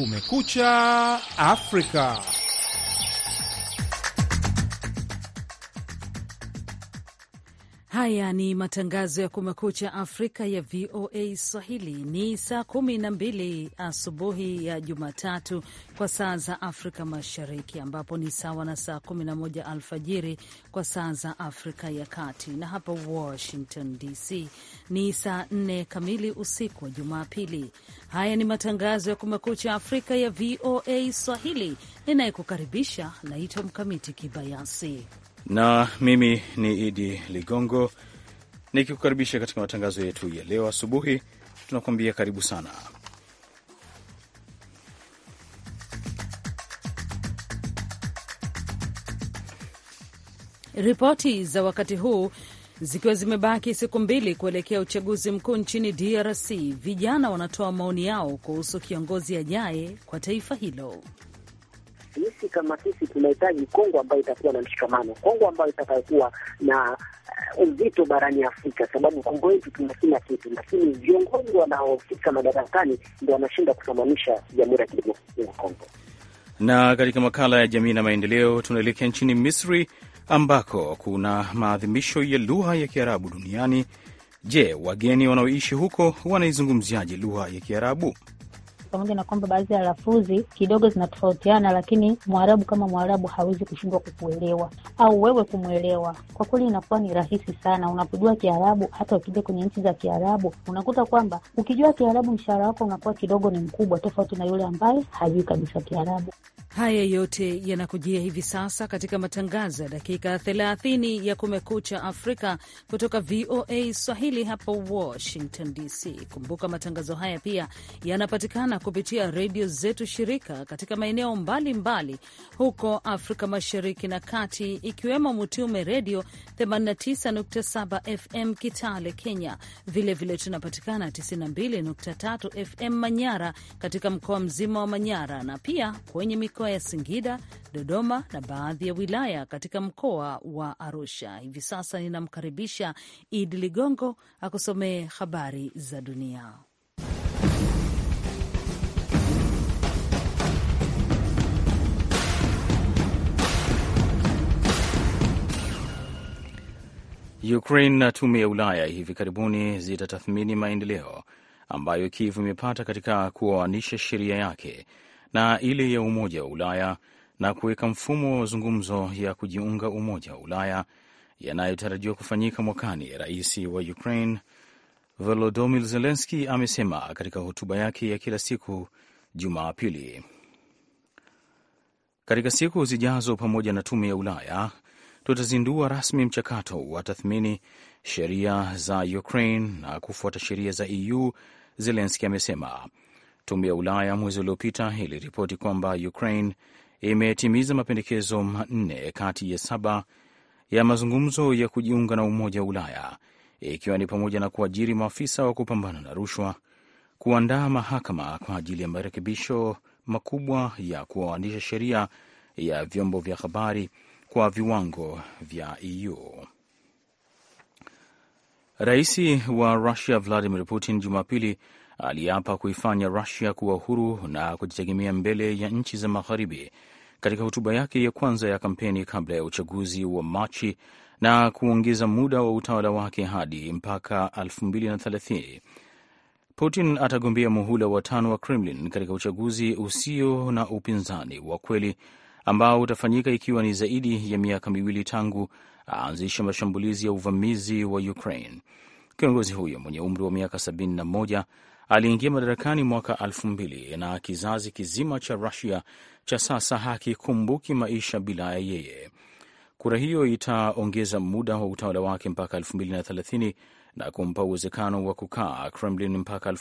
Kumekucha Afrika. Haya ni matangazo ya Kumekucha Afrika ya VOA Swahili. Ni saa kumi na mbili asubuhi ya Jumatatu kwa saa za Afrika Mashariki, ambapo ni sawa na saa kumi na moja alfajiri kwa saa za Afrika ya Kati, na hapa Washington DC ni saa nne kamili usiku wa Jumapili. Haya ni matangazo ya Kumekucha Afrika ya VOA Swahili. Ninayekukaribisha naitwa Mkamiti Kibayasi na mimi ni Idi Ligongo nikikukaribisha katika matangazo yetu ya leo asubuhi. Tunakuambia karibu sana. Ripoti za wakati huu zikiwa zimebaki siku mbili kuelekea uchaguzi mkuu nchini DRC, vijana wanatoa maoni yao kuhusu kiongozi ajaye kwa taifa hilo sisi kama sisi tunahitaji Kongo ambayo itakuwa na mshikamano, Kongo ambayo itakayokuwa na eh, uzito barani Afrika, sababu Kongo yetu tuna kila kitu, lakini viongozi wanaofika madarakani ndio wanashinda kusimamisha Jamhuri ya Kidemokrasia ya Kongo. Na katika makala ya jamii na maendeleo, tunaelekea nchini Misri ambako kuna maadhimisho ya lugha ya Kiarabu duniani. Je, wageni wanaoishi huko wanaizungumziaje lugha ya Kiarabu? pamoja na kwamba baadhi ya lafudhi kidogo zinatofautiana, lakini Mwarabu kama Mwarabu hawezi kushindwa kukuelewa au wewe kumwelewa. Kwa kweli inakuwa ni rahisi sana unapojua Kiarabu. Hata ukija kwenye nchi za Kiarabu unakuta kwamba ukijua Kiarabu mshahara wako unakuwa kidogo ni mkubwa, tofauti na yule ambaye hajui kabisa Kiarabu. Haya yote yanakujia hivi sasa katika matangazo ya dakika 30 ya Kumekucha Afrika kutoka VOA Swahili hapa Washington DC. Kumbuka matangazo haya pia yanapatikana kupitia redio zetu shirika katika maeneo mbalimbali huko Afrika Mashariki na Kati, ikiwemo Mutume Redio 89.7 FM Kitale, Kenya. Vilevile vile tunapatikana 92.3 FM Manyara katika mkoa mzima wa Manyara na pia kwenye mikoa mikoa ya Singida, Dodoma na baadhi ya wilaya katika mkoa wa Arusha. Hivi sasa ninamkaribisha Idi Ligongo akusomee habari za dunia. Ukraine na Tume ya Ulaya hivi karibuni zitatathmini maendeleo ambayo Kiev imepata katika kuoanisha sheria yake na ile ya Umoja wa Ulaya na kuweka mfumo wa mazungumzo ya kujiunga Umoja wa Ulaya yanayotarajiwa kufanyika mwakani. Rais wa Ukraine Volodymyr Zelensky amesema katika hotuba yake ya kila siku Jumapili. Katika siku zijazo, pamoja na Tume ya Ulaya, tutazindua rasmi mchakato wa tathmini sheria za Ukraine na kufuata sheria za EU, Zelensky amesema. Tume ya Ulaya mwezi uliopita iliripoti kwamba Ukraine imetimiza mapendekezo manne kati ya saba ya mazungumzo ya kujiunga na Umoja wa Ulaya, ikiwa ni pamoja na kuajiri maafisa wa kupambana na rushwa, kuandaa mahakama kwa ajili ya marekebisho makubwa ya kuwaandisha sheria ya vyombo vya habari kwa viwango vya EU. Rais wa Russia Vladimir Putin Jumapili aliapa kuifanya Rusia kuwa huru na kujitegemea mbele ya nchi za Magharibi katika hotuba yake ya kwanza ya kampeni kabla ya uchaguzi wa Machi na kuongeza muda wa utawala wake hadi mpaka 2030. Putin atagombea muhula wa tano wa Kremlin katika uchaguzi usio na upinzani wa kweli ambao utafanyika ikiwa ni zaidi ya miaka miwili tangu aanzishe mashambulizi ya uvamizi wa Ukraine. Kiongozi huyo mwenye umri wa miaka 71 aliingia madarakani mwaka elfu mbili na kizazi kizima cha Rusia cha sasa hakikumbuki maisha bila ya yeye. Kura hiyo itaongeza muda wa utawala wake mpaka mbili na kumpa uwezekano wa kukaa Kremlin mpaka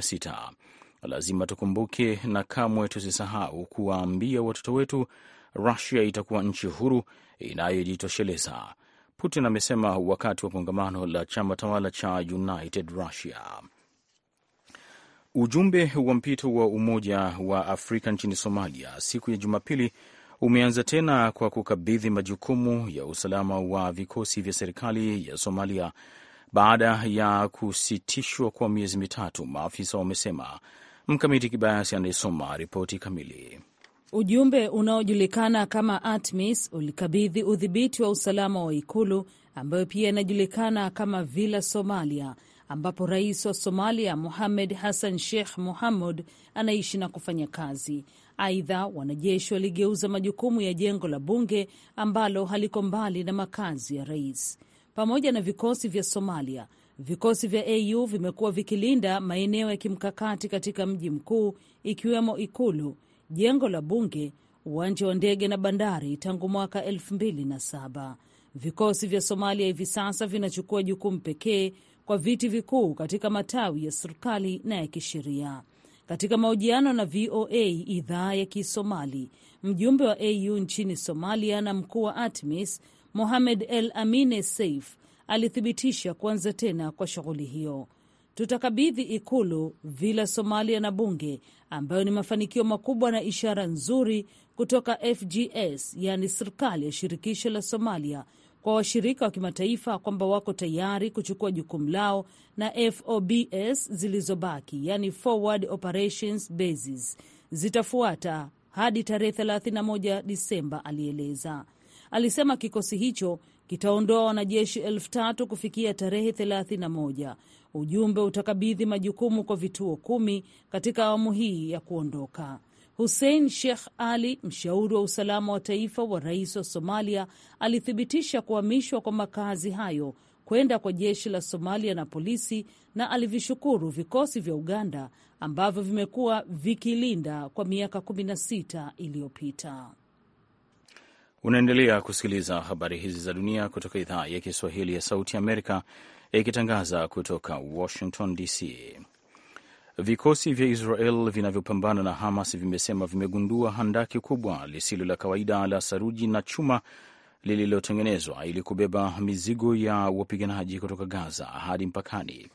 sita. Lazima tukumbuke na kamwe tusisahau kuwaambia watoto wetu, Rusia itakuwa nchi huru inayojitosheleza. Putin amesema wakati wa kongamano la chama tawala cha United Russia. Ujumbe wa mpito wa Umoja wa Afrika nchini Somalia siku ya Jumapili umeanza tena kwa kukabidhi majukumu ya usalama wa vikosi vya serikali ya Somalia baada ya kusitishwa kwa miezi mitatu, maafisa wamesema. Mkamiti Kibayasi anayesoma ripoti kamili. Ujumbe unaojulikana kama ATMIS ulikabidhi udhibiti wa usalama wa ikulu ambayo pia inajulikana kama Villa Somalia, ambapo rais wa Somalia Muhamed Hassan Sheikh muhamud anaishi na kufanya kazi. Aidha, wanajeshi waligeuza majukumu ya jengo la bunge ambalo haliko mbali na makazi ya rais. Pamoja na vikosi vya Somalia, vikosi vya AU vimekuwa vikilinda maeneo ya kimkakati katika mji mkuu ikiwemo ikulu jengo la bunge, uwanja wa ndege na bandari tangu mwaka 2007. Vikosi vya Somalia hivi sasa vinachukua jukumu pekee kwa viti vikuu katika matawi ya serikali na ya kisheria. Katika mahojiano na VOA idhaa ya Kisomali, mjumbe wa AU nchini Somalia na mkuu wa ATMIS e Mohamed El Amine saif alithibitisha kuanza tena kwa shughuli hiyo tutakabidhi ikulu, vila Somalia na bunge, ambayo ni mafanikio makubwa na ishara nzuri kutoka FGS, yaani serikali ya shirikisho la Somalia, kwa washirika wa kimataifa kwamba wako tayari kuchukua jukumu lao na FOBS zilizobaki, yani forward operations bases, zitafuata hadi tarehe 31 Disemba, alieleza. Alisema kikosi hicho kitaondoa wanajeshi elfu tatu kufikia tarehe 31 Ujumbe utakabidhi majukumu kwa vituo kumi katika awamu hii ya kuondoka. Hussein Sheikh Ali, mshauri wa usalama wa taifa wa rais wa Somalia, alithibitisha kuhamishwa kwa makazi hayo kwenda kwa jeshi la Somalia na polisi, na alivishukuru vikosi vya Uganda ambavyo vimekuwa vikilinda kwa miaka 16 iliyopita. Unaendelea kusikiliza habari hizi za dunia kutoka idhaa ya Kiswahili ya Sauti Amerika ikitangaza kutoka Washington DC. Vikosi vya Israel vinavyopambana na Hamas vimesema vimegundua handaki kubwa lisilo la kawaida la saruji na chuma lililotengenezwa ili kubeba mizigo ya wapiganaji kutoka Gaza hadi mpakani,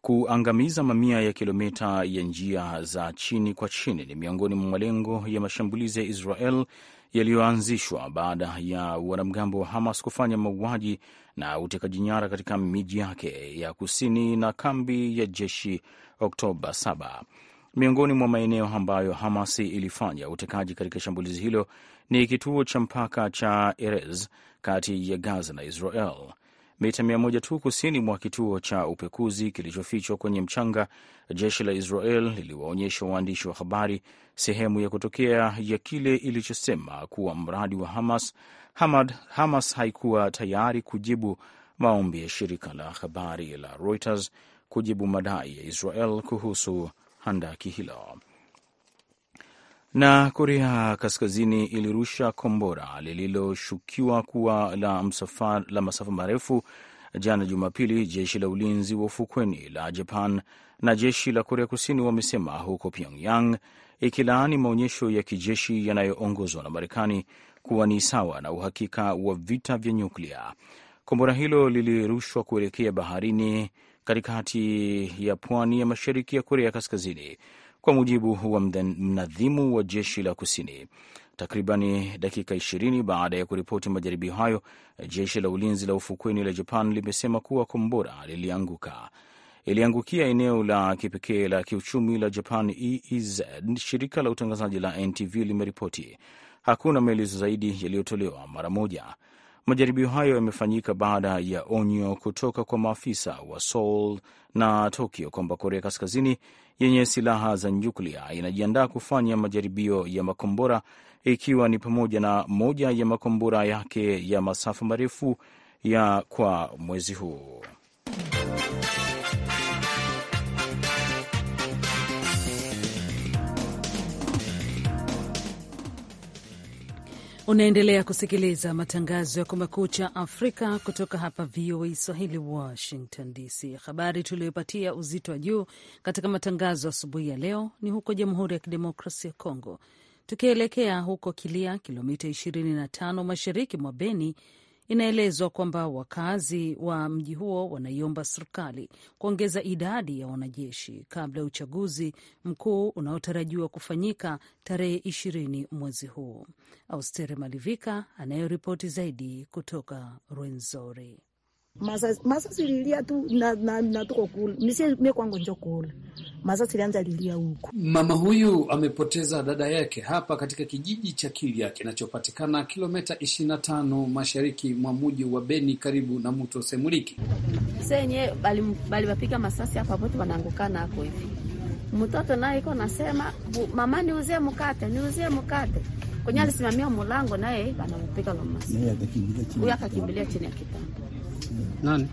kuangamiza mamia ya kilomita ya njia za chini kwa chini. Ni miongoni mwa malengo ya mashambulizi ya Israel yaliyoanzishwa baada ya wanamgambo wa Hamas kufanya mauaji na utekaji nyara katika miji yake ya kusini na kambi ya jeshi Oktoba 7. Miongoni mwa maeneo ambayo Hamas ilifanya utekaji katika shambulizi hilo ni kituo cha mpaka cha Erez kati ya Gaza na Israel mita mia moja tu kusini mwa kituo cha upekuzi kilichofichwa kwenye mchanga. Jeshi la Israel liliwaonyesha waandishi wa habari sehemu ya kutokea ya kile ilichosema kuwa mradi wa Hamas. Hamad, Hamas haikuwa tayari kujibu maombi ya shirika la habari la Reuters kujibu madai ya Israel kuhusu handaki hilo. Na Korea Kaskazini ilirusha kombora lililoshukiwa kuwa la, msafa, la masafa marefu jana Jumapili, jeshi la ulinzi wa ufukweni la Japan na jeshi la Korea Kusini wamesema, huko Pyongyang ikilaani maonyesho ya kijeshi yanayoongozwa na Marekani kuwa ni sawa na uhakika wa vita vya nyuklia. Kombora hilo lilirushwa kuelekea baharini katikati ya pwani ya mashariki ya Korea Kaskazini kwa mujibu wa mnadhimu wa jeshi la kusini. Takribani dakika 20 baada ya kuripoti majaribio hayo, jeshi la ulinzi la ufukweni la Japan limesema kuwa kombora lilianguka iliangukia eneo la kipekee la kiuchumi la Japan EEZ, shirika la utangazaji la NTV limeripoti. Hakuna maelezo zaidi yaliyotolewa mara moja. Majaribio hayo yamefanyika baada ya onyo kutoka kwa maafisa wa Seoul na Tokyo kwamba Korea Kaskazini yenye silaha za nyuklia inajiandaa kufanya majaribio ya makombora ikiwa ni pamoja na moja ya makombora yake ya masafa marefu ya kwa mwezi huu. Unaendelea kusikiliza matangazo ya Kumekucha Afrika kutoka hapa VOA Swahili, Washington DC. Habari tuliyopatia uzito wa juu katika matangazo asubuhi ya leo ni huko Jamhuri ya Kidemokrasia ya Kongo, tukielekea huko Kilia, kilomita 25 mashariki mwa Beni, Inaelezwa kwamba wakazi wa mji huo wanaiomba serikali kuongeza idadi ya wanajeshi kabla ya uchaguzi mkuu unaotarajiwa kufanyika tarehe ishirini mwezi huu. Austere Malivika anayoripoti zaidi kutoka Rwenzori masa sililia tu na, na, na tuko kula misie mie kwangu njo kula masa ilianza lilia huko. Mama huyu amepoteza dada yake hapa katika kijiji cha Kilya kinachopatikana kilomita tano mashariki mwa muji wa Beni karibu na mto Semuliki. Senye balibapiga masasi hapa pote wanaangukana hako hivi. Mtoto naye iko nasema mama niuzie mkate, niuzie mkate. Kwenye alisimamia mulango naye banampika na masasi. Huyu akakimbilia chini ya kitanda. Nani?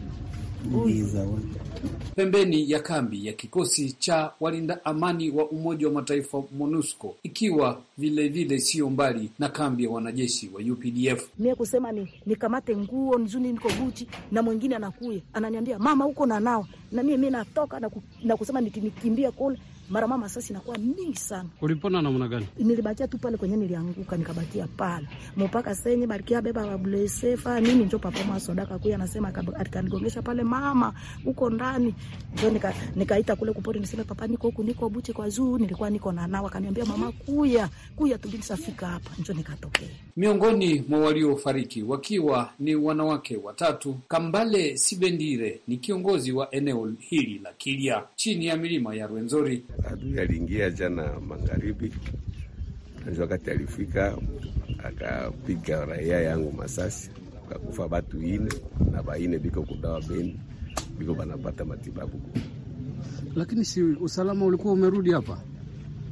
Pembeni ya kambi ya kikosi cha walinda amani wa Umoja wa Mataifa MONUSCO ikiwa vilevile siyo mbali na kambi ya wanajeshi wa UPDF. Mie kusema ni nikamate nguo nzuni niko guchi na mwingine anakuya ananiambia, mama huko na nao na mie mi natoka na, ku, na kusema nikikimbia kule mara mama sasa inakuwa mingi sana. Ulipona namna gani? Nilibakia tu pale kwenye nilianguka nikabakia pale. Mpaka sasa yenye barikia beba wa Blesefa mimi njo papa mwa sadaka kuya anasema akanigongesha pale mama huko ndani. Ndio nika nikaita kule kupori niseme papa niko huku niko buti kwa zuu, nilikuwa niko na nawa akaniambia mama kuya kuya tu binti safika hapa njo nikatokea. Miongoni mwa waliofariki wakiwa ni wanawake watatu. Kambale Sibendire ni kiongozi wa eneo hili la Kilia chini ya milima ya Rwenzori. Adui aliingia jana magharibi, wakati alifika akapiga raia yangu masasi, akakufa batu ine na baine biko kudawa Beni, biko banapata matibabu. Lakini si usalama ulikuwa umerudi hapa?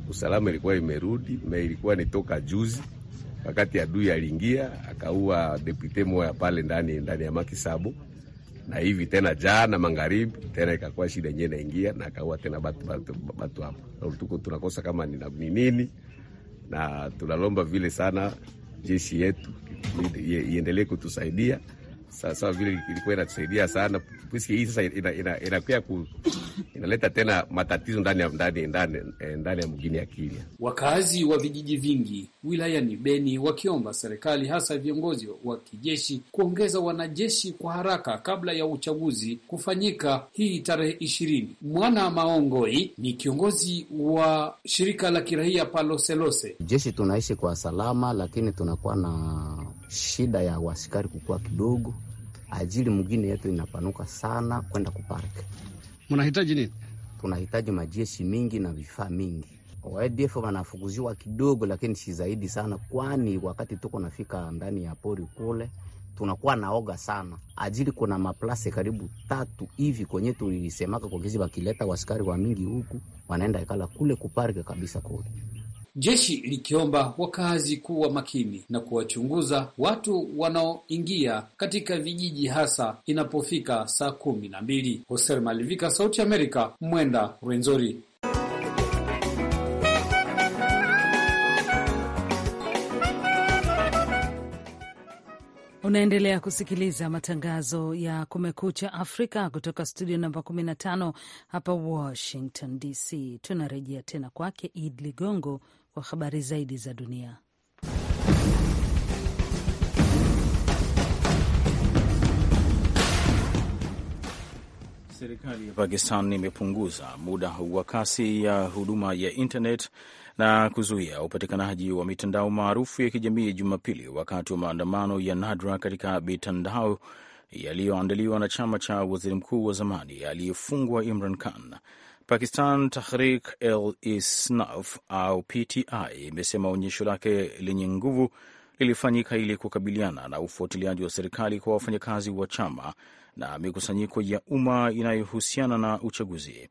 Usalama ilikuwa imerudi me, ilikuwa ni toka juzi wakati adui aliingia akaua depute moya pale ndani ndani ya Makisabu na hivi tena jana magharibi tena ikakuwa shida yenyewe inaingia na akaua tena batu batu, batu hapo. Tuko tunakosa kama ni nini, na tunalomba vile sana jeshi yetu iendelee kutusaidia sasa vile ilikuwa inatusaidia sana. Puisiki hii sasa inakuya ina, ina, ku, inaleta tena matatizo ndani ya ndani ndani e, ya mgini ya Kilia. Wakazi wa vijiji vingi wilayani Beni wakiomba serikali hasa viongozi wa kijeshi kuongeza wanajeshi kwa haraka kabla ya uchaguzi kufanyika hii tarehe ishirini. Mwana Maongoi ni kiongozi wa shirika la kiraia Paloselose. Jeshi tunaishi kwa salama, lakini tunakuwa na shida ya wasikari kukua kidogo, ajili mwingine yetu inapanuka sana kwenda kupark. Mnahitaji nini? Tunahitaji majeshi mingi na vifaa mingi. ADF wanafukuziwa kidogo, lakini si zaidi sana, kwani wakati tuko nafika ndani ya pori kule tunakuwa naoga sana ajili kuna maplase karibu tatu hivi kwenye tulisemaka kwa kizi, wakileta waskari wa mingi huku wanaenda ikala kule kuparke kabisa kule jeshi likiomba wakazi kuwa makini na kuwachunguza watu wanaoingia katika vijiji hasa inapofika saa kumi na mbili. Hoser Malivika, Sauti ya Amerika, Mwenda, Rwenzori. Unaendelea kusikiliza matangazo ya Kumekucha Afrika kutoka studio namba 15 hapa Washington DC. Tunarejea tena kwake Id Ligongo kwa habari zaidi za dunia. Serikali ya Pakistan imepunguza muda wa kasi ya huduma ya internet na kuzuia upatikanaji wa mitandao maarufu ya kijamii Jumapili, wakati wa maandamano ya nadra katika mitandao yaliyoandaliwa na chama cha waziri mkuu wa zamani aliyefungwa Imran Khan. Pakistan Tahrik el Isnaf au PTI imesema onyesho lake lenye nguvu lilifanyika ili kukabiliana na ufuatiliaji wa serikali kwa wafanyakazi wa chama na mikusanyiko ya umma inayohusiana na uchaguzi.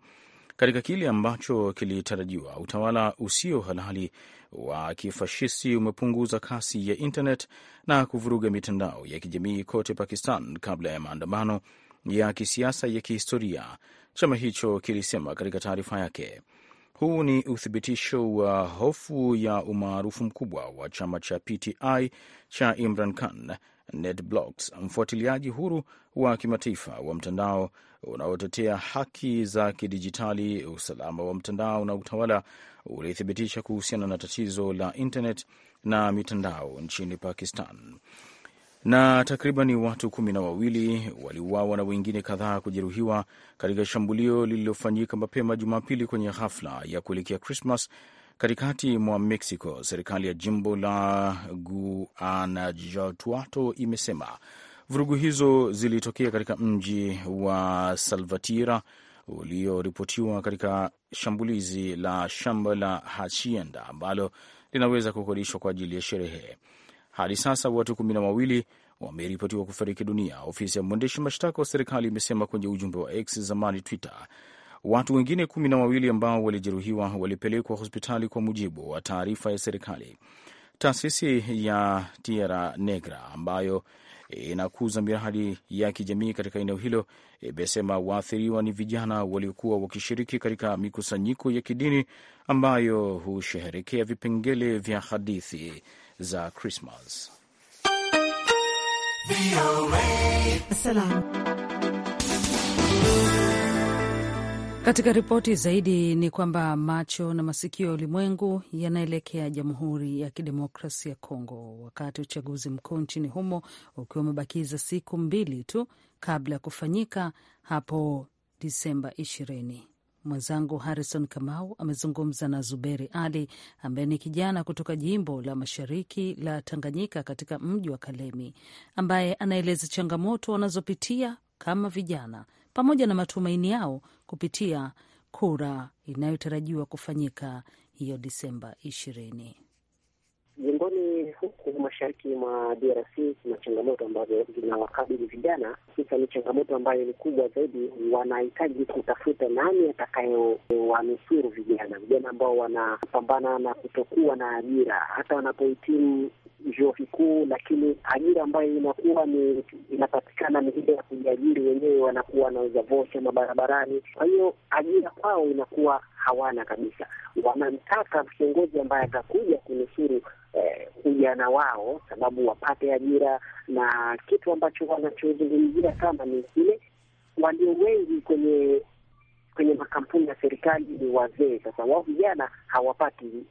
Katika kile ambacho kilitarajiwa, utawala usio halali wa kifashisti umepunguza kasi ya internet na kuvuruga mitandao ya kijamii kote Pakistan kabla ya maandamano ya kisiasa ya kihistoria chama hicho kilisema katika taarifa yake. Huu ni uthibitisho wa hofu ya umaarufu mkubwa wa chama cha PTI cha Imran Khan. Ned Blocks, mfuatiliaji huru wa kimataifa wa mtandao unaotetea haki za kidijitali, usalama wa mtandao na utawala, ulithibitisha kuhusiana na tatizo la internet na mitandao nchini Pakistan na takribani watu kumi na wawili waliuawa na wengine kadhaa kujeruhiwa katika shambulio lililofanyika mapema Jumapili kwenye hafla ya kuelekea Krismas katikati mwa Mexico. Serikali ya jimbo la Guanajuato imesema vurugu hizo zilitokea katika mji wa salvatira ulioripotiwa katika shambulizi la shamba la Hacienda ambalo linaweza kukodishwa kwa ajili ya sherehe. Hadi sasa watu kumi na wawili wameripotiwa kufariki dunia, ofisi ya mwendeshi mashtaka wa serikali imesema kwenye ujumbe wa X, zamani Twitter. Watu wengine kumi na wawili ambao walijeruhiwa walipelekwa hospitali kwa mujibu wa taarifa ya serikali. Taasisi ya Tierra Negra ambayo inakuza miradi ya kijamii katika eneo hilo imesema waathiriwa ni vijana waliokuwa wakishiriki katika mikusanyiko ya kidini ambayo husherehekea vipengele vya hadithi za Krismas. Katika ripoti zaidi ni kwamba macho na masikio ya ulimwengu yanaelekea Jamhuri ya Kidemokrasia ya Kongo wakati uchaguzi mkuu nchini humo ukiwa umebakiza siku mbili tu kabla ya kufanyika hapo Disemba ishirini. Mwenzangu Harrison Kamau amezungumza na Zuberi Ali ambaye ni kijana kutoka jimbo la mashariki la Tanganyika katika mji wa Kalemi, ambaye anaeleza changamoto wanazopitia kama vijana pamoja na matumaini yao kupitia kura inayotarajiwa kufanyika hiyo Disemba ishirini. Jimboni huku magharibi mashariki mwa DRC kuna changamoto ambazo zinawakabili vijana. Sasa ni changamoto ambayo ni kubwa zaidi, wanahitaji kutafuta nani atakayewanusuru vijana, vijana ambao wanapambana na kutokuwa na ajira hata wanapohitimu vyuo vikuu, lakini ajira ambayo inakuwa ni inapatikana ni ile ya kujiajiri wenyewe, wanakuwa wanauza vocha mabarabarani. Kwa hiyo ajira kwao inakuwa hawana kabisa. Wanamtaka kiongozi ambaye atakuja kunusuru ujana eh, wao, sababu wapate ajira na kitu ambacho wanachozungumzia kama ni kile walio wengi kwenye kwenye makampuni ya serikali ni wazee. Sasa wao vijana hawapati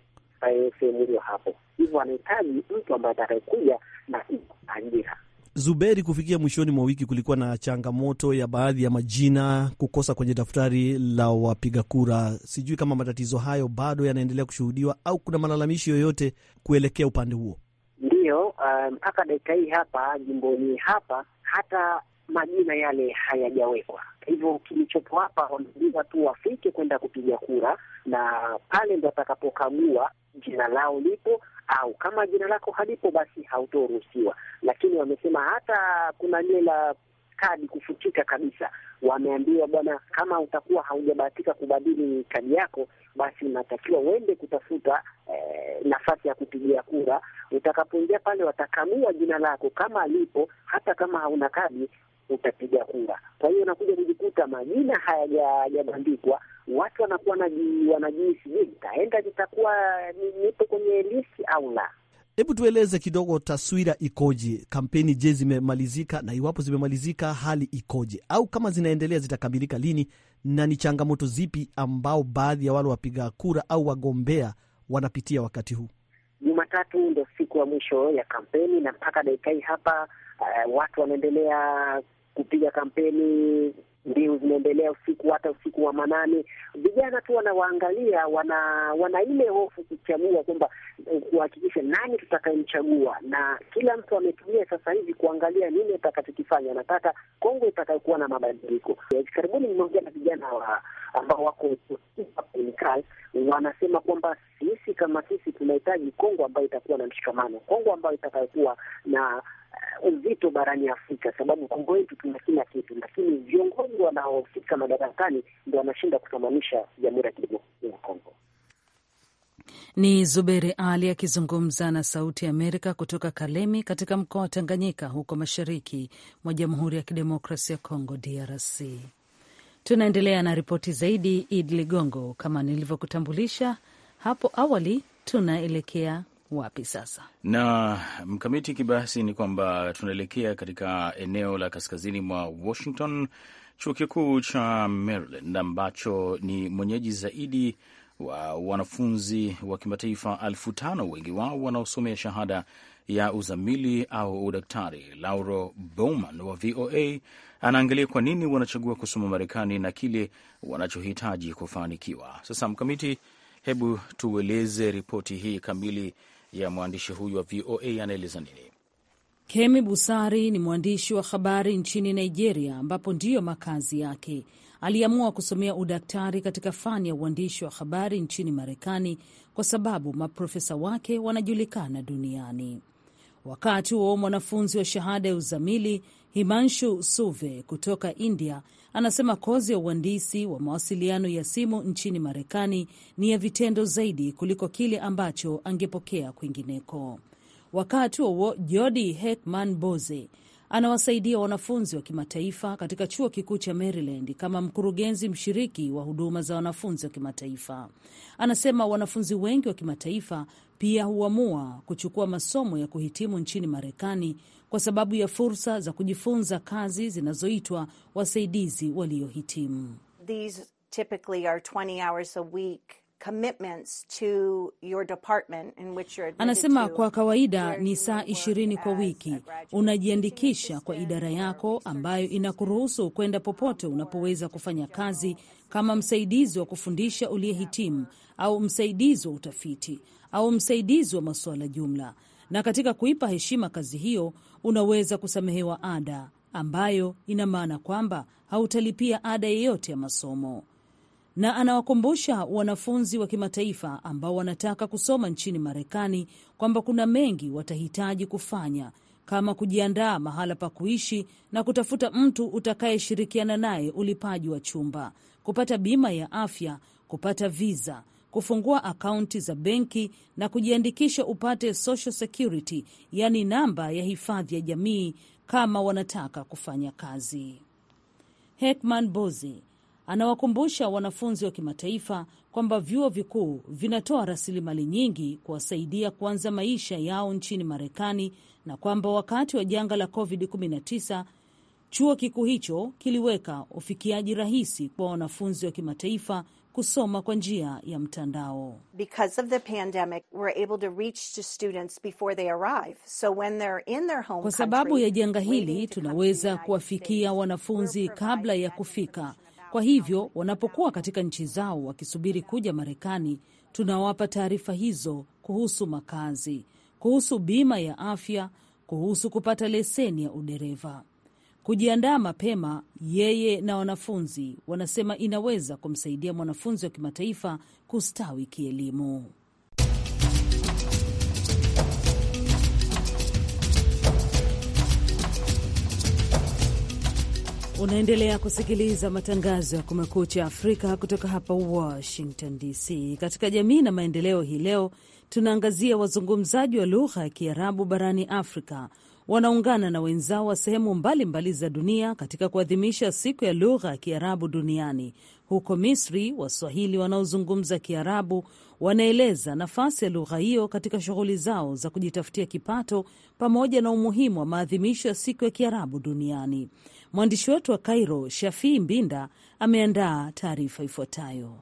eh, sehemu hiyo hapo, hivyo wanahitaji mtu ambaye atakayekuja na ajira Zuberi, kufikia mwishoni mwa wiki kulikuwa na changamoto ya baadhi ya majina kukosa kwenye daftari la wapiga kura. Sijui kama matatizo hayo bado yanaendelea kushuhudiwa au kuna malalamishi yoyote kuelekea upande huo? Ndiyo, eh, mpaka um, dakika hii hapa jimboni hapa hata majina yale hayajawekwa. Hivyo kilichopo hapa wameuliza tu wafike kwenda kupiga kura, na pale ndo atakapokagua jina lao lipo au kama jina lako halipo basi hautoruhusiwa. Lakini wamesema hata kuna lile la kadi kufutika kabisa, wameambiwa bwana, kama utakuwa haujabahatika kubadili kadi yako, basi unatakiwa uende kutafuta eh, nafasi ya kupigia kura. Utakapoingia pale, watakamua jina lako, kama alipo, hata kama hauna kadi utapiga kura. Kwa hiyo unakuja kujikuta majina hayajabandikwa watu wanakuwa wanajui, sijui nitaenda nitakuwa nipo kwenye listi au la. Hebu tueleze kidogo taswira ikoje? Kampeni je, zimemalizika? Na iwapo zimemalizika, hali ikoje? Au kama zinaendelea zitakamilika lini? Na ni changamoto zipi ambao baadhi ya wale wapiga kura au wagombea wanapitia wakati huu? Jumatatu ndo siku ya mwisho ya kampeni, na mpaka dakika hii hapa uh, watu wanaendelea kupiga kampeni Mbiu zinaendelea usiku, hata usiku wa manane. Vijana tu wanawaangalia, wana wana ile hofu kuchagua, kwamba eh, kuhakikisha nani tutakayemchagua, na kila mtu ametumia sasa hivi kuangalia nini atakachokifanya. anataka Kongo itakayokuwa na mabadiliko. Hivi karibuni nimeongea na vijana wa ambao wako serikali, wanasema kwamba sisi kama sisi tunahitaji Kongo ambayo itakuwa na mshikamano, Kongo ambayo itakayokuwa na vito barani Afrika, sababu Kongo yetu tuna kila kitu, lakini viongozi wanaofika madarakani ndo wanashinda kutamanisha Jamhuri ya Kidemokrasia ya Kongo. Ni Zuberi Ali akizungumza na Sauti ya Amerika kutoka Kalemi katika mkoa wa Tanganyika, huko mashariki mwa Jamhuri ya Kidemokrasia ya Kongo, DRC. Tunaendelea na ripoti zaidi. id Ligongo, kama nilivyokutambulisha hapo awali, tunaelekea wapi sasa? Na mkamiti kibasi ni kwamba tunaelekea katika eneo la kaskazini mwa Washington, chuo kikuu cha Maryland ambacho ni mwenyeji zaidi wa wanafunzi wa kimataifa elfu tano wengi wao wanaosomea shahada ya uzamili au udaktari. Lauro Bowman wa VOA anaangalia kwa nini wanachagua kusoma Marekani na kile wanachohitaji kufanikiwa. Sasa Mkamiti, hebu tueleze ripoti hii kamili ya mwandishi huyu wa VOA anaeleza nini? Kemi Busari ni mwandishi wa habari nchini Nigeria, ambapo ndiyo makazi yake. Aliamua kusomea udaktari katika fani ya uandishi wa habari nchini Marekani kwa sababu maprofesa wake wanajulikana duniani. Wakati huo mwanafunzi wa shahada ya uzamili Himanshu Suve kutoka India anasema kozi ya uhandisi wa mawasiliano ya simu nchini Marekani ni ya vitendo zaidi kuliko kile ambacho angepokea kwingineko. Wakati huo jodi hekman boze anawasaidia wanafunzi wa kimataifa katika chuo kikuu cha Maryland kama mkurugenzi mshiriki wa huduma za wanafunzi wa kimataifa. Anasema wanafunzi wengi wa kimataifa pia huamua kuchukua masomo ya kuhitimu nchini Marekani kwa sababu ya fursa za kujifunza kazi zinazoitwa wasaidizi waliohitimu. These typically are 20 hours a week. Anasema kwa kawaida ni saa ishirini kwa wiki, unajiandikisha kwa idara yako ambayo inakuruhusu kwenda popote unapoweza kufanya kazi kama msaidizi wa kufundisha uliyehitimu au msaidizi wa utafiti au msaidizi wa masuala jumla. Na katika kuipa heshima kazi hiyo, unaweza kusamehewa ada, ambayo ina maana kwamba hautalipia ada yeyote ya masomo na anawakumbusha wanafunzi wa kimataifa ambao wanataka kusoma nchini Marekani kwamba kuna mengi watahitaji kufanya kama kujiandaa, mahala pa kuishi na kutafuta mtu utakayeshirikiana naye, ulipaji wa chumba, kupata bima ya afya, kupata viza, kufungua akaunti za benki na kujiandikisha upate social security, yaani namba ya hifadhi ya jamii, kama wanataka kufanya kazi. Hekman Bozi Anawakumbusha wanafunzi wa kimataifa kwamba vyuo vikuu vinatoa rasilimali nyingi kuwasaidia kuanza maisha yao nchini Marekani na kwamba wakati wa janga la COVID-19 chuo kikuu hicho kiliweka ufikiaji rahisi kwa wanafunzi wa kimataifa kusoma kwa njia ya mtandao. Kwa sababu ya janga hili, tunaweza kuwafikia wanafunzi kabla ya kufika. Kwa hivyo wanapokuwa katika nchi zao wakisubiri kuja Marekani, tunawapa taarifa hizo kuhusu makazi, kuhusu bima ya afya, kuhusu kupata leseni ya udereva. Kujiandaa mapema, yeye na wanafunzi wanasema inaweza kumsaidia mwanafunzi wa kimataifa kustawi kielimu. Unaendelea kusikiliza matangazo ya Kumekucha Afrika kutoka hapa Washington DC. Katika jamii na maendeleo, hii leo tunaangazia wazungumzaji wa lugha ya Kiarabu barani Afrika wanaungana na wenzao wa sehemu mbalimbali za dunia katika kuadhimisha siku ya lugha ya Kiarabu duniani. Huko Misri, Waswahili wanaozungumza Kiarabu wanaeleza nafasi ya lugha hiyo katika shughuli zao za kujitafutia kipato pamoja na umuhimu wa maadhimisho ya siku ya Kiarabu duniani. Mwandishi wetu wa Kairo, Shafii Mbinda, ameandaa taarifa ifuatayo.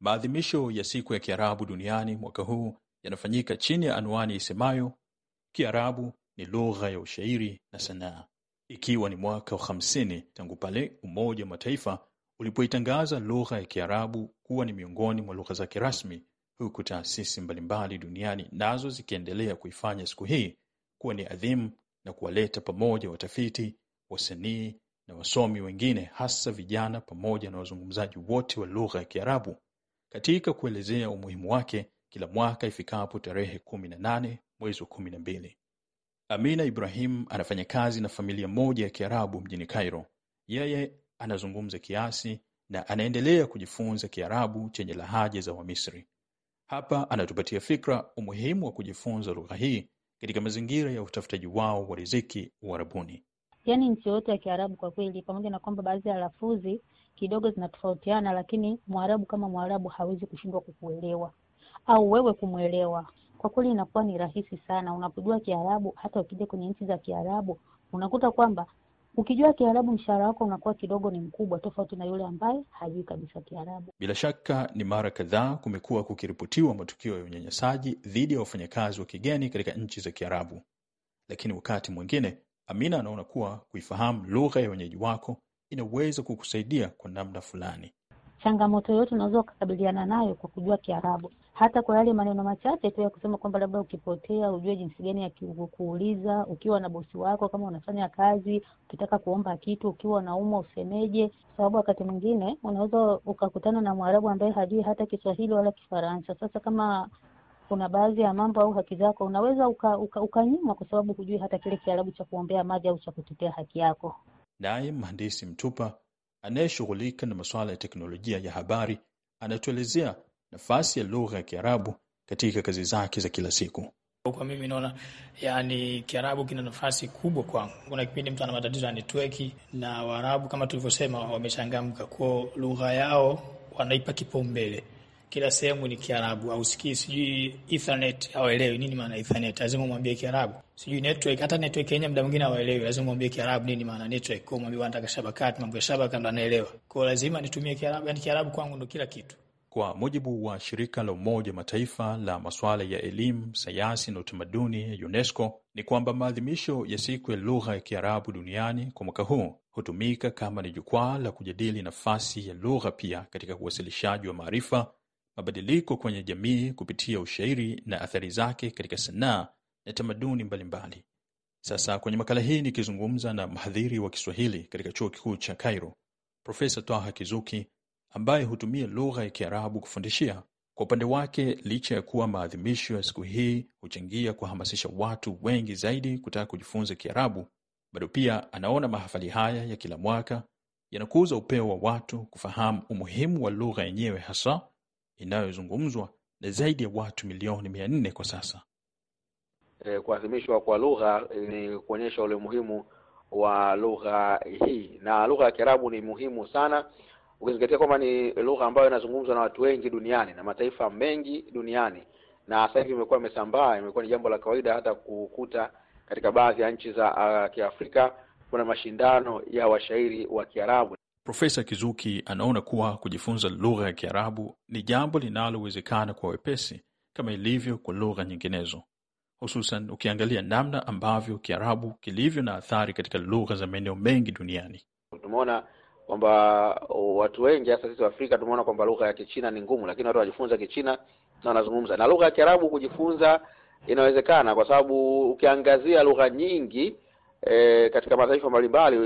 Maadhimisho ya siku ya Kiarabu duniani mwaka huu yanafanyika chini ya anwani isemayo Kiarabu ni lugha ya ushairi na sanaa, ikiwa ni mwaka wa 50 tangu pale Umoja wa Mataifa ulipoitangaza lugha ya Kiarabu kuwa ni miongoni mwa lugha zake rasmi, huku taasisi mbalimbali duniani nazo zikiendelea kuifanya siku hii kuwa ni adhimu na kuwaleta pamoja watafiti, wasanii na wasomi wengine hasa vijana pamoja na wazungumzaji wote wa lugha ya Kiarabu katika kuelezea umuhimu wake kila mwaka ifikapo tarehe 18 mwezi wa 12. Amina Ibrahim anafanya kazi na familia moja ya Kiarabu mjini Cairo. Yeye anazungumza kiasi na anaendelea kujifunza Kiarabu chenye lahaja za Wamisri. Hapa anatupatia fikra umuhimu wa kujifunza lugha hii katika mazingira ya utafutaji wao wa riziki Uarabuni yani nchi yoyote ya Kiarabu kwa kweli, pamoja na kwamba baadhi ya lafudhi kidogo zinatofautiana, lakini Mwarabu kama Mwarabu hawezi kushindwa kukuelewa au wewe kumwelewa. Kwa kweli inakuwa ni rahisi sana unapojua Kiarabu. Hata ukija kwenye nchi za Kiarabu unakuta kwamba ukijua Kiarabu mshahara wako unakuwa kidogo ni mkubwa, tofauti na yule ambaye hajui kabisa Kiarabu. Bila shaka ni mara kadhaa kumekuwa kukiripotiwa matukio ya unyanyasaji dhidi ya wafanyakazi wa kigeni katika nchi za Kiarabu, lakini wakati mwingine Amina anaona kuwa kuifahamu lugha ya wenyeji wako inaweza kukusaidia kwa namna fulani. Changamoto yote unaweza ukakabiliana nayo kwa kujua Kiarabu, hata kwa yale maneno machache tu ya kusema kwamba labda ukipotea ujue jinsi gani ya kuuliza, ukiwa na bosi wako, kama unafanya kazi, ukitaka kuomba kitu, ukiwa naumwa usemeje, sababu wakati mwingine unaweza ukakutana na Mwarabu ambaye hajui hata Kiswahili wala Kifaransa. Sasa kama kuna baadhi ya mambo au haki zako unaweza ukanyimwa uka, uka kwa sababu hujui hata kile kiarabu cha kuombea maji au cha kutetea haki yako. Naye mhandisi Mtupa anayeshughulika na masuala ya teknolojia ya habari anatuelezea nafasi ya lugha ya Kiarabu katika kazi zake za kila siku. Kwa mimi naona yani Kiarabu kina nafasi kubwa kwangu. Kuna kipindi mtu ana matatizo ya netweki, na Waarabu kama tulivyosema wamechangamka kwao, lugha yao wanaipa kipaumbele kila sehemu ni Kiarabu, au sikii sijui ethernet, hawaelewi nini maana ethernet, lazima umwambie Kiarabu. Sijui network, hata network yenyewe muda mwingine hawaelewi, lazima umwambie Kiarabu nini maana network, kwa mwambie wanataka shabakati, mambo ya shabaka ndo anaelewa, kwa lazima nitumie Kiarabu. Yani Kiarabu kwangu ndo kila kitu. Kwa mujibu wa shirika la Umoja Mataifa la masuala ya elimu, sayansi na utamaduni UNESCO, ni kwamba maadhimisho ya siku ya lugha ya Kiarabu duniani kwa mwaka huu hutumika kama ni jukwaa la kujadili nafasi ya lugha pia katika uwasilishaji wa maarifa mabadiliko kwenye jamii kupitia ushairi na athari zake katika sanaa na tamaduni mbalimbali. Sasa kwenye makala hii nikizungumza na mhadhiri wa Kiswahili katika chuo kikuu cha Cairo, Profesa Twaha Kizuki ambaye hutumia lugha ya Kiarabu kufundishia. Kwa upande wake, licha ya kuwa maadhimisho ya siku hii huchangia kuhamasisha watu wengi zaidi kutaka kujifunza Kiarabu, bado pia anaona mahafali haya ya kila mwaka yanakuza upeo wa watu kufahamu umuhimu wa lugha yenyewe hasa inayozungumzwa na zaidi ya watu milioni mia nne kwa sasa. E, kuadhimishwa kwa lugha e, ni kuonyesha ule muhimu wa lugha hii, na lugha ya Kiarabu ni muhimu sana ukizingatia kwamba ni lugha ambayo inazungumzwa na watu wengi duniani na mataifa mengi duniani, na sasa hivi imekuwa imesambaa, imekuwa ni jambo la kawaida hata kukuta katika baadhi ya nchi za uh, Kiafrika kuna mashindano ya washairi wa Kiarabu. Profesa Kizuki anaona kuwa kujifunza lugha ya Kiarabu ni jambo linalowezekana kwa wepesi kama ilivyo kwa lugha nyinginezo, hususan ukiangalia namna ambavyo Kiarabu kilivyo na athari katika lugha za maeneo mengi duniani. Tumeona kwamba uh, watu wengi hasa sisi Waafrika tumeona kwamba lugha ya Kichina ni ngumu, lakini watu wanajifunza Kichina na wanazungumza na lugha ya Kiarabu. Kujifunza inawezekana kwa sababu ukiangazia lugha nyingi e, katika mataifa mbalimbali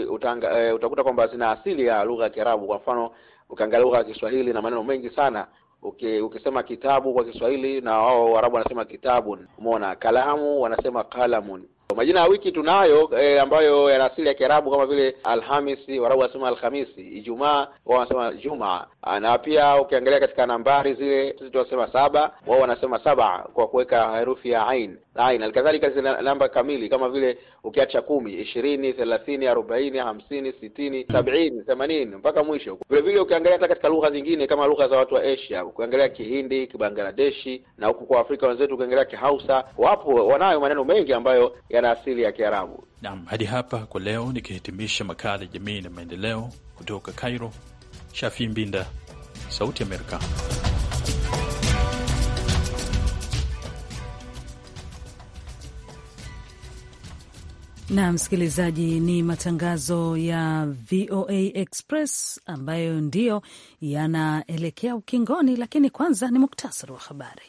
e, utakuta kwamba zina asili ya lugha ya Kiarabu. Kwa mfano ukiangalia lugha ya Kiswahili na maneno mengi sana uki, ukisema kitabu kwa Kiswahili na wao Waarabu wanasema kitabun. Umeona, kalamu wanasema kalamun Majina ya wiki tunayo e, ambayo yana asili ya Kiarabu kama vile Alhamisi, Warabu wanasema Alhamisi, Ijumaa wao wanasema Juma, ah, na pia ukiangalia katika nambari zile sisi tunasema saba, wao wanasema saba kwa kuweka herufi ya ain ain. Alikadhalika zile namba kamili kama vile ukiacha kumi, ishirini, thelathini, arobaini, hamsini, sitini, sabini, themanini mpaka mwisho. Vile vile ukiangalia hata katika lugha zingine kama lugha za watu wa Asia, ukiangalia Kihindi, Kibangladeshi na huku kwa Afrika wenzetu ukiangalia Kihausa, wapo wanayo maneno mengi ambayo yana asili ya Kiarabu. Naam, hadi hapa kwa leo, nikihitimisha makala ya jamii na maendeleo kutoka Cairo, Shafi Mbinda, Sauti Amerika. Na msikilizaji, ni matangazo ya VOA Express ambayo ndiyo yanaelekea ukingoni, lakini kwanza ni muktasari wa habari.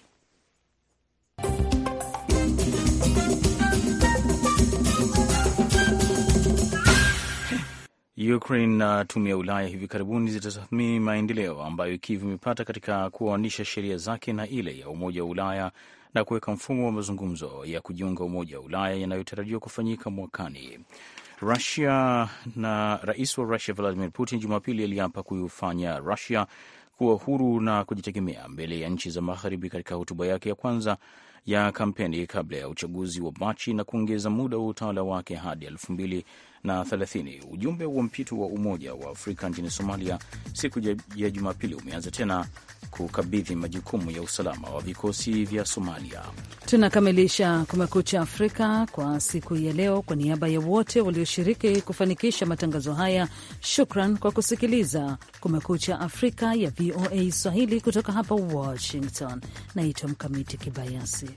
Ukraine na tume ya Ulaya hivi karibuni zitatathmini maendeleo ambayo Kiev imepata katika kuoanisha sheria zake na ile ya Umoja wa Ulaya na kuweka mfumo wa mazungumzo ya kujiunga Umoja wa Ulaya yanayotarajiwa kufanyika mwakani. Rusia na rais wa Rusia Vladimir Putin Jumapili aliapa kufanya Rusia kuwa huru na kujitegemea mbele ya nchi za Magharibi katika hotuba yake ya kwanza ya kampeni kabla ya uchaguzi wa Machi na kuongeza muda wa utawala wake hadi elfu mbili na thelathini. Ujumbe wa mpito wa Umoja wa Afrika nchini Somalia siku ya Jumapili umeanza tena kukabidhi majukumu ya usalama wa vikosi vya Somalia. Tunakamilisha Kumekucha Afrika kwa siku ya leo. Kwa niaba ya wote walioshiriki kufanikisha matangazo haya, shukran kwa kusikiliza Kumekucha Afrika ya VOA Swahili kutoka hapa Washington. Naitwa Mkamiti Kibayasi.